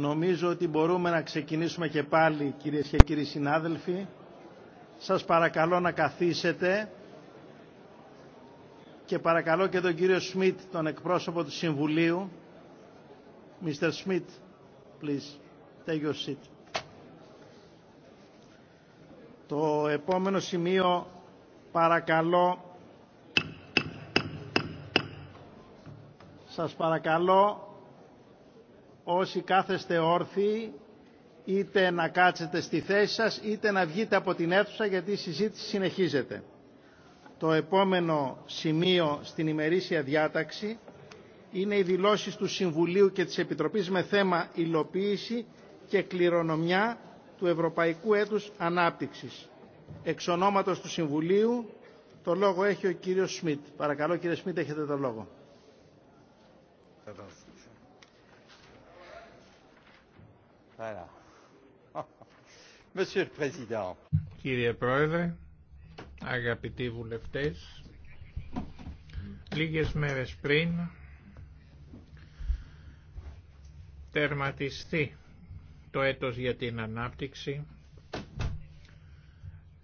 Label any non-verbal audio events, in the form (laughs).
Νομίζω ότι μπορούμε να ξεκινήσουμε και πάλι, κύριε και κύριοι συνάδελφοι. Σας παρακαλώ να καθίσετε και παρακαλώ και τον κύριο Σμιτ, τον εκπρόσωπο του Συμβουλίου. Mr. Σμιτ, please, take your seat. Το επόμενο σημείο, παρακαλώ, σας παρακαλώ όσοι κάθεστε όρθιοι είτε να κάτσετε στη θέση σας είτε να βγείτε από την αίθουσα γιατί η συζήτηση συνεχίζεται. Το επόμενο σημείο στην ημερήσια διάταξη είναι οι δηλώσεις του Συμβουλίου και της Επιτροπής με θέμα υλοποίηση και κληρονομιά του Ευρωπαϊκού Έτους Ανάπτυξης. Εξ του Συμβουλίου το λόγο έχει ο κύριος Σμιτ. Παρακαλώ κύριε Σμιτ έχετε το λόγο. (laughs) Κύριε Πρόεδρε, αγαπητοί βουλευτές, λίγες μέρες πριν τερματιστεί το έτος για την ανάπτυξη